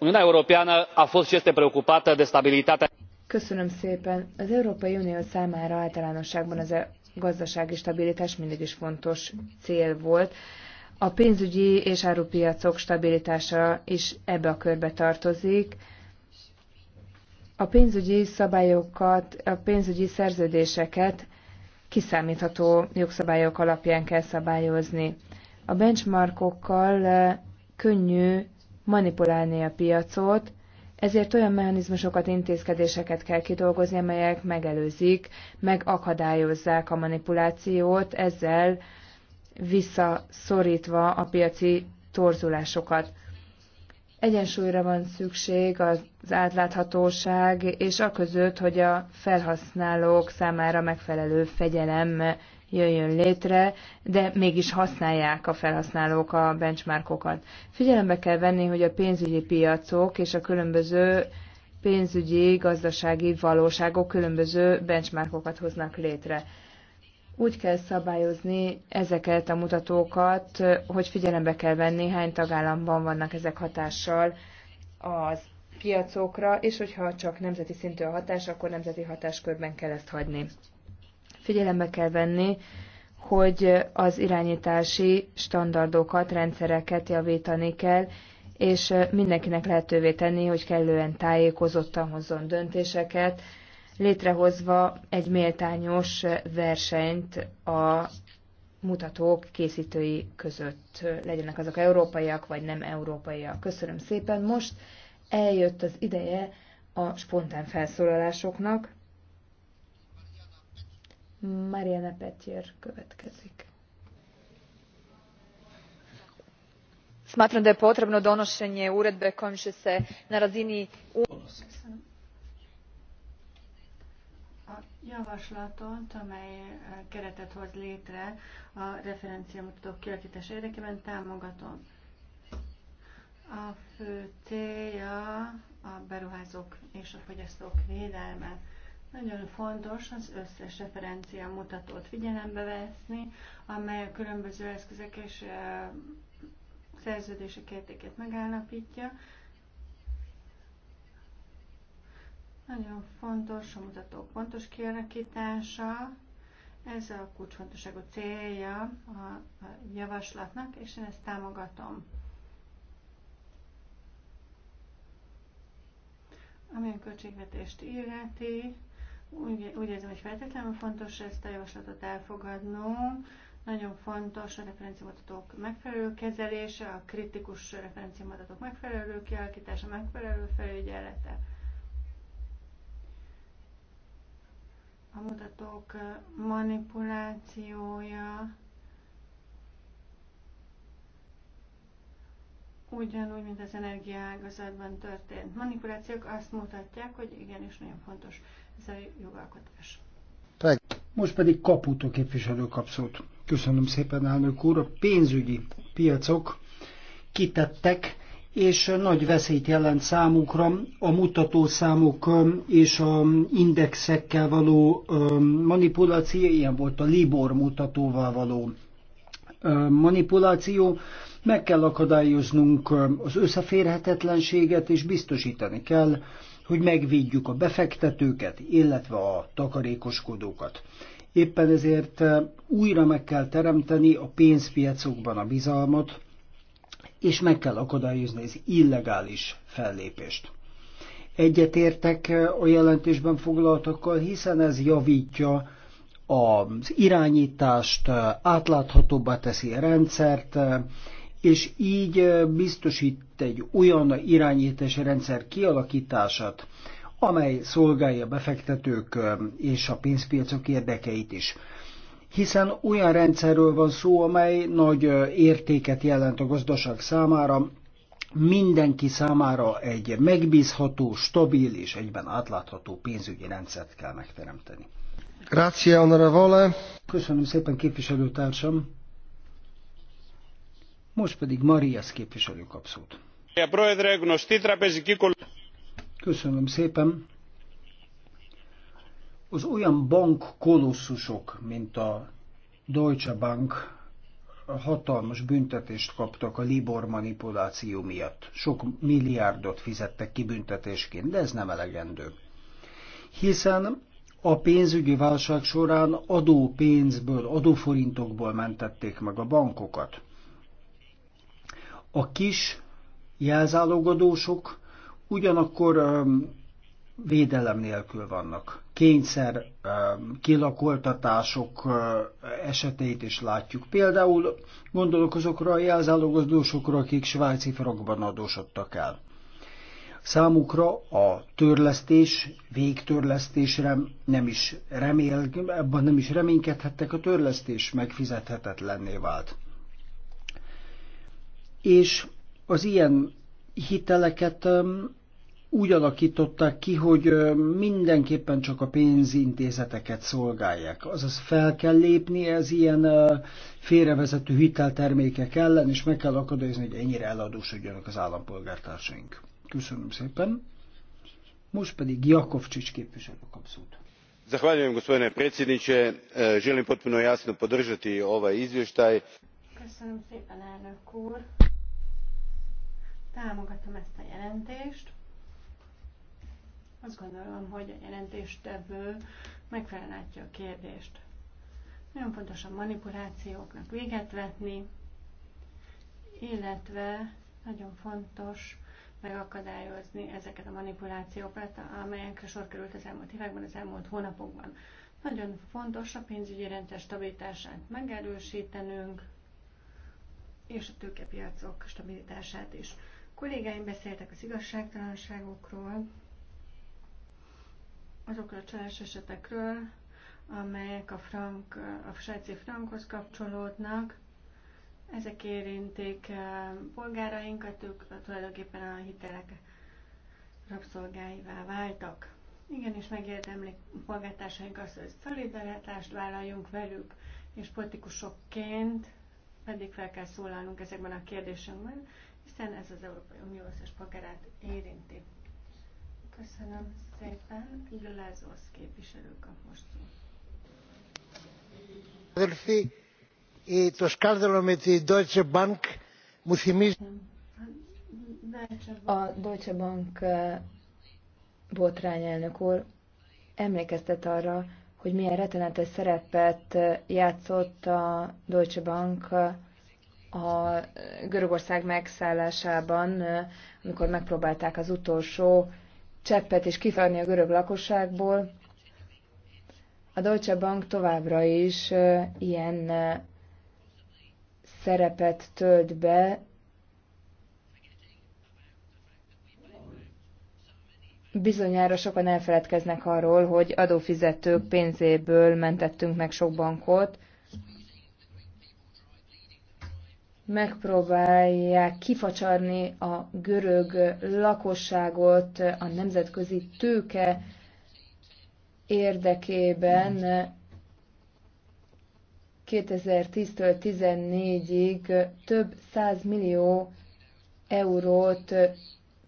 Uniunea Europeană a fost și este preocupată de stabilitatea. Köszönöm szépen. Az Európai Unió számára általánosságban az gazdasági stabilitás mindig is fontos cél volt. A pénzügyi és árupiacok stabilitása is ebbe a körbe tartozik. A pénzügyi szabályokat, a pénzügyi szerződéseket kiszámítható jogszabályok alapján kell szabályozni. A benchmarkokkal eh, könnyű manipulálni a piacot, ezért olyan mechanizmusokat, intézkedéseket kell kidolgozni, amelyek megelőzik, megakadályozzák a manipulációt, ezzel visszaszorítva a piaci torzulásokat. Egyensúlyra van szükség az átláthatóság és a között, hogy a felhasználók számára megfelelő fegyelem jöjjön létre, de mégis használják a felhasználók a benchmarkokat. Figyelembe kell venni, hogy a pénzügyi piacok és a különböző pénzügyi, gazdasági valóságok különböző benchmarkokat hoznak létre. Úgy kell szabályozni ezeket a mutatókat, hogy figyelembe kell venni, hány tagállamban vannak ezek hatással az piacokra, és hogyha csak nemzeti szintű a hatás, akkor nemzeti hatáskörben kell ezt hagyni. Figyelembe kell venni, hogy az irányítási standardokat, rendszereket javítani kell, és mindenkinek lehetővé tenni, hogy kellően tájékozottan hozzon döntéseket, létrehozva egy méltányos versenyt a mutatók készítői között. Legyenek azok európaiak, vagy nem európaiak. Köszönöm szépen. Most eljött az ideje a spontán felszólalásoknak. Mariana Petier következik. Smatram da je potrebno donošenje uredbe kojom će se na razini a javaslatot, amely e, keretet hoz létre a referenciamutatók kialakítás érdekében támogatom. A fő célja a beruházók és a fogyasztók védelme. Nagyon fontos az összes referencia mutatót figyelembe veszni, amely a különböző eszközök és szerződések értékét megállapítja. Nagyon fontos a mutató pontos kialakítása, ez a kulcsfontosságú célja a javaslatnak, és én ezt támogatom. Ami a költségvetést illeti, úgy, úgy érzem, hogy feltétlenül fontos ezt a javaslatot elfogadnunk. Nagyon fontos a referenciamadatok megfelelő kezelése, a kritikus referenciamadatok megfelelő kialakítása, megfelelő felügyelete. A mutatók eh, manipulációja, ugyanúgy, mint az energiaágazatban történt manipulációk azt mutatják, hogy igenis nagyon fontos ez a jogalkotás. Most pedig kaputó képviselő kapszót. Köszönöm szépen, elnök úr. A pénzügyi piacok kitettek, és nagy veszélyt jelent számukra a mutatószámok és a indexekkel való manipuláció, ilyen volt a Libor mutatóval való manipuláció. Meg kell akadályoznunk az összeférhetetlenséget, és biztosítani kell, hogy megvédjük a befektetőket, illetve a takarékoskodókat. Éppen ezért újra meg kell teremteni a pénzpiacokban a bizalmat, és meg kell akadályozni az illegális fellépést. Egyetértek a jelentésben foglaltakkal, hiszen ez javítja az irányítást, átláthatóbbá teszi a rendszert, és így biztosít egy olyan irányítási rendszer kialakítását, amely szolgálja befektetők és a pénzpiacok érdekeit is. Hiszen olyan rendszerről van szó, amely nagy értéket jelent a gazdaság számára, mindenki számára egy megbízható, stabil és egyben átlátható pénzügyi rendszert kell megteremteni. Grazie, onorevole. Köszönöm szépen, képviselőtársam. Most pedig Marias képviselő kap szót. Köszönöm szépen. Az olyan bank kolosszusok, mint a Deutsche Bank, hatalmas büntetést kaptak a Libor manipuláció miatt. Sok milliárdot fizettek ki büntetésként, de ez nem elegendő. Hiszen a pénzügyi válság során adó pénzből, adóforintokból mentették meg a bankokat. A kis jelzálogadósok ugyanakkor um, védelem nélkül vannak. Kényszer um, kilakoltatások uh, eseteit is látjuk. Például gondolok azokra a jelzálogadósokra, akik svájci frankban adósodtak el. Számukra a törlesztés, végtörlesztésre nem is remél, ebben nem is reménykedhettek, a törlesztés megfizethetetlenné vált és az ilyen hiteleket úgy alakították ki, hogy mindenképpen csak a pénzintézeteket szolgálják. Azaz fel kell lépni ez ilyen félrevezető hiteltermékek ellen, és meg kell akadályozni, hogy ennyire eladósodjanak az állampolgártársaink. Köszönöm szépen. Most pedig Jakovcsics képviselő kap szót. Zahvaljujem gospodine predsjedniče. E, želim potpuno jasno podržati ovaj izvještaj. Köszönöm szépen, elnök úr Támogatom ezt a jelentést. Azt gondolom, hogy a jelentéstevő megfelelően látja a kérdést. Nagyon fontos a manipulációknak véget vetni, illetve nagyon fontos megakadályozni ezeket a manipulációkat, amelyekre sor került az elmúlt években, az elmúlt hónapokban. Nagyon fontos a pénzügyi rendszer stabilitását megerősítenünk, és a tőkepiacok stabilitását is kollégáim beszéltek az igazságtalanságokról, azokról a csalás esetekről, amelyek a, frank, a svájci frankhoz kapcsolódnak. Ezek érintik eh, polgárainkat, ők tulajdonképpen a hitelek rabszolgáivá váltak. Igenis megérdemlik polgártársaink azt, hogy szolidaritást vállaljunk velük, és politikusokként pedig fel kell szólalnunk ezekben a kérdésekben, hiszen ez az Európai Unió összes polgárát érinti. Köszönöm szépen. Glázos képviselő kap most szót. Αδελφοί, το σκάνδαλο με Deutsche Bank μου A Deutsche Bank e, botrány elnök úr emlékeztet arra, hogy milyen rettenetes szerepet e, játszott a Deutsche Bank e, a Görögország megszállásában, amikor megpróbálták az utolsó cseppet is kifarni a görög lakosságból, a Deutsche Bank továbbra is ilyen szerepet tölt be, Bizonyára sokan elfeledkeznek arról, hogy adófizetők pénzéből mentettünk meg sok bankot, megpróbálják kifacsarni a görög lakosságot a nemzetközi tőke érdekében 2010-től 14-ig több 100 millió eurót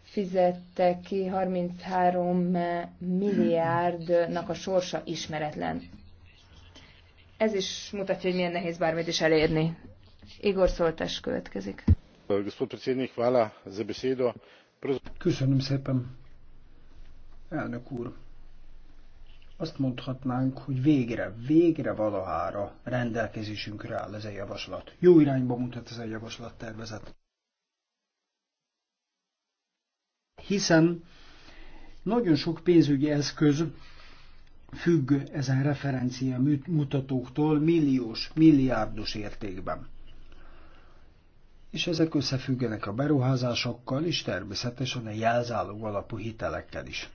fizettek ki, 33 milliárdnak a sorsa ismeretlen. Ez is mutatja, hogy milyen nehéz bármit is elérni. Igor Szoltás következik. Köszönöm szépen. Elnök úr, azt mondhatnánk, hogy végre, végre valahára rendelkezésünkre áll ez a javaslat. Jó irányba mutat ez a javaslattervezet. Hiszen nagyon sok pénzügyi eszköz függ ezen referencia mutatóktól milliós, milliárdos értékben és ezek összefüggenek a beruházásokkal és természetesen a jelzálog alapú hitelekkel is.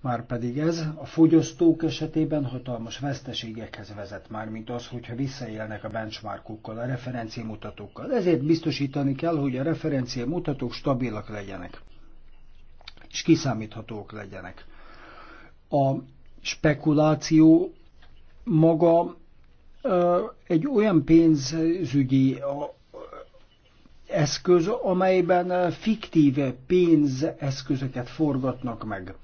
Márpedig ez a fogyasztók esetében hatalmas veszteségekhez vezet, mármint az, hogyha visszaélnek a benchmarkokkal, a referenciamutatókkal. Ezért biztosítani kell, hogy a referenciamutatók stabilak legyenek, és kiszámíthatók legyenek. A spekuláció maga egy olyan pénzügyi eszköz, amelyben eh, fiktív pénzeszközöket forgatnak meg.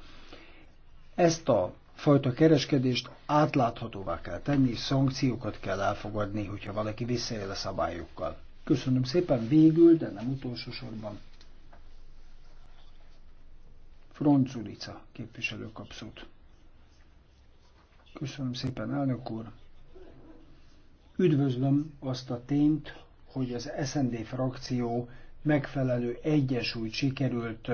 Ezt a fajta kereskedést átláthatóvá kell tenni, szankciókat kell elfogadni, hogyha valaki visszaél a szabályokkal. Köszönöm szépen végül, de nem utolsó sorban. Fronculica képviselő kapszót. Köszönöm szépen, elnök úr. Üdvözlöm azt a tényt, hogy az SND frakció megfelelő egyesúlyt sikerült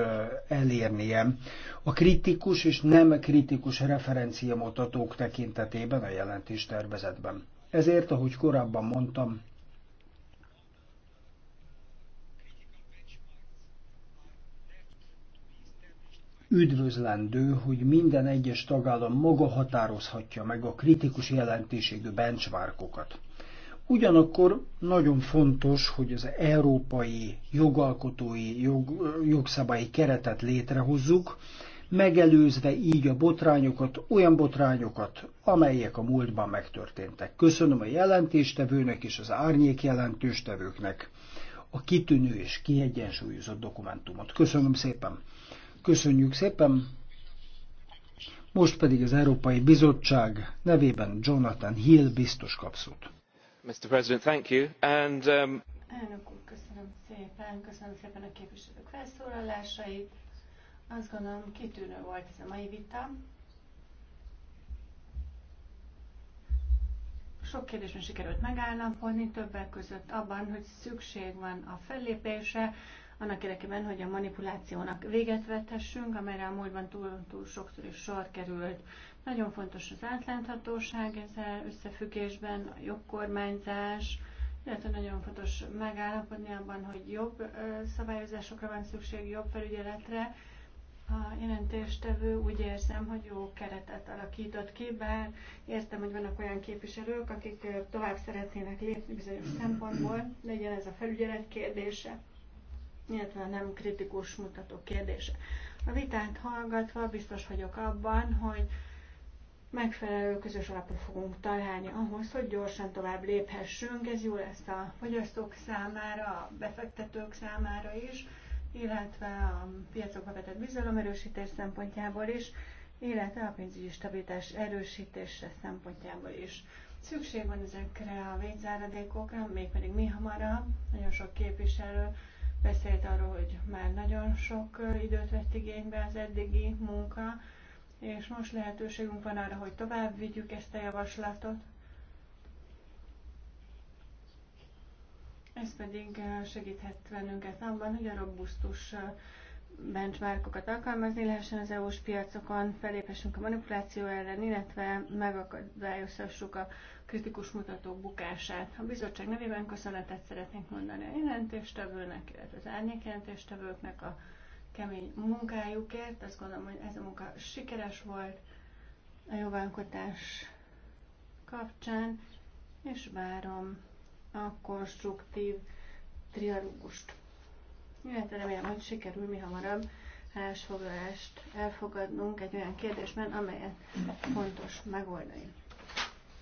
elérnie a kritikus és nem kritikus referenciamutatók tekintetében a jelentés tervezetben. Ezért, ahogy korábban mondtam, üdvözlendő, hogy minden egyes tagállam maga határozhatja meg a kritikus jelentésségű benchmarkokat. Ugyanakkor nagyon fontos, hogy az európai jogalkotói jog, jogszabályi keretet létrehozzuk, megelőzve így a botrányokat, olyan botrányokat, amelyek a múltban megtörténtek. Köszönöm a jelentéstevőnek és az árnyék jelentéstevőknek a kitűnő és kiegyensúlyozott dokumentumot. Köszönöm szépen! Köszönjük szépen! Most pedig az Európai Bizottság nevében Jonathan Hill biztos kapszót. Mr. President, thank you. And, um, Elnök úr, volt ez a mai vita. Sok kérdésben sikerült megállapodni, többek között abban, hogy szükség van a fellépése, annak érdekében, hogy a manipulációnak véget vethessünk, amelyre a múltban túl, túl sokszor is sor került. Nagyon fontos az átláthatóság ezzel összefüggésben, a jobb kormányzás, illetve nagyon fontos megállapodni abban, hogy jobb szabályozásokra van szükség, jobb felügyeletre. A jelentéstevő úgy érzem, hogy jó keretet alakított ki, bár értem, hogy vannak olyan képviselők, akik tovább szeretnének lépni bizonyos szempontból, legyen ez a felügyelet kérdése, illetve a nem kritikus mutató kérdése. A vitát hallgatva biztos vagyok abban, hogy megfelelő közös alapot fogunk találni ahhoz, hogy gyorsan tovább léphessünk. Ez jó lesz a fogyasztók számára, a befektetők számára is, illetve a piacokba vetett erősítés szempontjából is, illetve a pénzügyi stabilitás erősítése szempontjából is. Szükség van ezekre a végzáradékokra, mégpedig mi hamarabb. Nagyon sok képviselő beszélt arról, hogy már nagyon sok időt vett igénybe az eddigi munka, és most lehetőségünk van arra, hogy tovább vigyük ezt a javaslatot. Ez pedig eh, segíthet bennünket abban, hogy a robusztus eh, benchmarkokat alkalmazni lehessen az EU-s piacokon, feléphessünk a manipuláció ellen, illetve megakadályozhassuk a kritikus mutatók bukását. A bizottság nevében köszönetet szeretnénk mondani a jelentéstevőnek, illetve az árnyék jelentéstevőknek a kemény munkájukért. Azt gondolom, hogy ez a munka sikeres volt a jóvánkotás kapcsán, és várom a konstruktív trialógust. Illetve remélem, hogy sikerül mi hamarabb állásfoglalást elfogadnunk egy olyan kérdésben, amelyet fontos megoldani.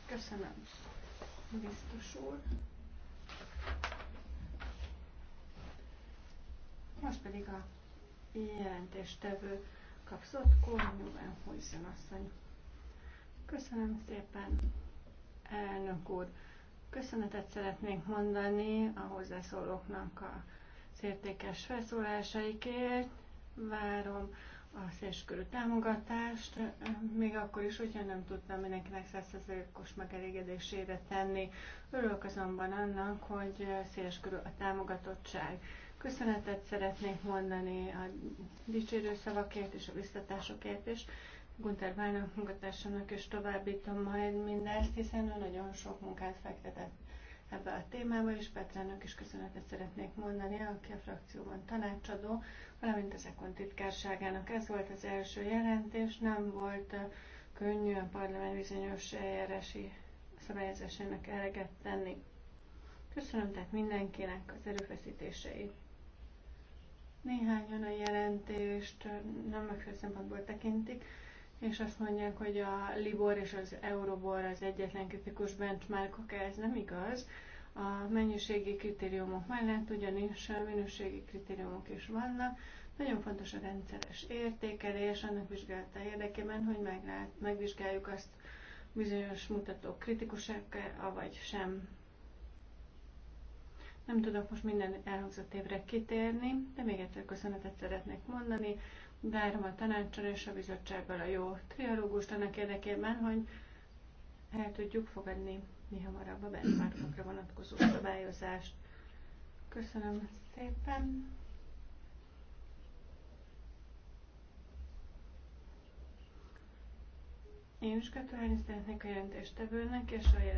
Köszönöm, biztos úr. Most pedig a jelentéstevő kapszott, szót, Kornúven asszony. Köszönöm szépen, elnök úr. Köszönetet szeretnénk mondani a hozzászólóknak a értékes felszólásaikért. Várom a szélskörű támogatást, még akkor is, hogyha nem tudtam mindenkinek százszerzőkos megelégedésére tenni. Örülök azonban annak, hogy széleskörű a támogatottság. Köszönetet szeretnék mondani a dicsérő szavakért és a visszatásokért is. Gunter Bálnak munkatársának is továbbítom majd mindezt, hiszen ő nagyon sok munkát fektetett ebbe a témába, és Petrának is köszönetet szeretnék mondani, aki a frakcióban tanácsadó, valamint az Ekon titkárságának. Ez volt az első jelentés, nem volt uh, könnyű a parlament bizonyos eljárási szabályozásának eleget tenni. Köszönöm tehát mindenkinek az erőfeszítéseit. Néhányan a jelentést nem megfelelő szempontból tekintik, és azt mondják, hogy a Libor és az Eurobor az egyetlen kritikus benchmarkok, ez nem igaz. A mennyiségi kritériumok mellett ugyanis minőségi kritériumok is vannak. Nagyon fontos a rendszeres értékelés, annak vizsgálata érdekében, hogy meglát, megvizsgáljuk azt bizonyos mutatók kritikusak, vagy sem. Nem tudok most minden elhangzott évre kitérni, de még egyszer köszönetet szeretnék mondani. Várom a tanácsal és a bizottsággal a jó trialógust annak érdekében, hogy el tudjuk fogadni mi hamarabb a benchmarkokra vonatkozó szabályozást. Köszönöm szépen! Én is gratulálni szeretnék a jelentéstevőnek és a